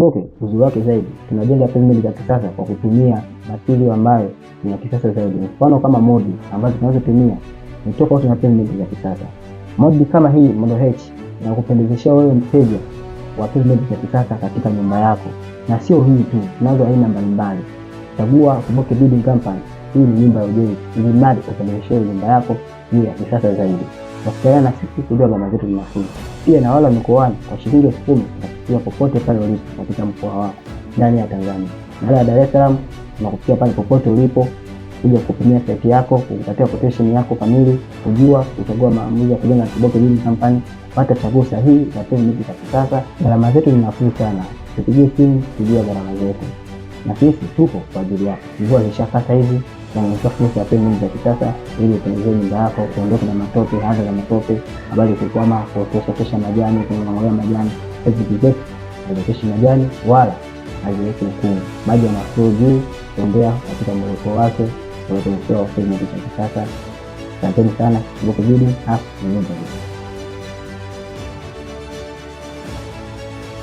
Buboke uzuri wake zaidi, tunajenga pembeni za kisasa kwa kutumia material ambayo ni ya kisasa zaidi. Mfano kama modi ambazo tunazotumia ni tofauti na pembeni za kisasa. Modi kama hii Model H inakupendezesha wewe mteja wa pembeni za kisasa katika nyumba yako, na sio hii tu, tunazo aina mbalimbali. Chagua Buboke Building Company. Hii ni nyumba ya ujenzi, ili mradi upendezeshe nyumba yako juu ya kisasa zaidi wakutana na sisi kujua gharama zetu ni nafuu. Pia na wala mikoani, kwa shilingi elfu kumi unakufikia popote pale ulipo katika mkoa wako ndani ya Tanzania. Na ya Dar es Salaam unakufikia pale popote ulipo kuja kupimia site yako, kukupatia quotation yako kamili, kujua kuchagua maamuzi ya kujenga Kiboko hili Company, pata chaguo sahihi za pia miji za kisasa. Gharama zetu ni nafuu sana, tupigie simu, tujue gharama zetu, na sisi tupo kwa ajili yako. Mvua zishakata hivi na unashafursa ya za kisasa ili utengeneze nyumba yako, kuondoka na matope, hasa za matope, habari kukwama, kusafisha majani, kung'olea majani, haziwekeshi majani wala haziweki ukungu, maji yanaflow juu, tembea katika mwelekeo wake kuelekea pavement za kisasa. Asanteni sana, Buku Building, hapo nyumba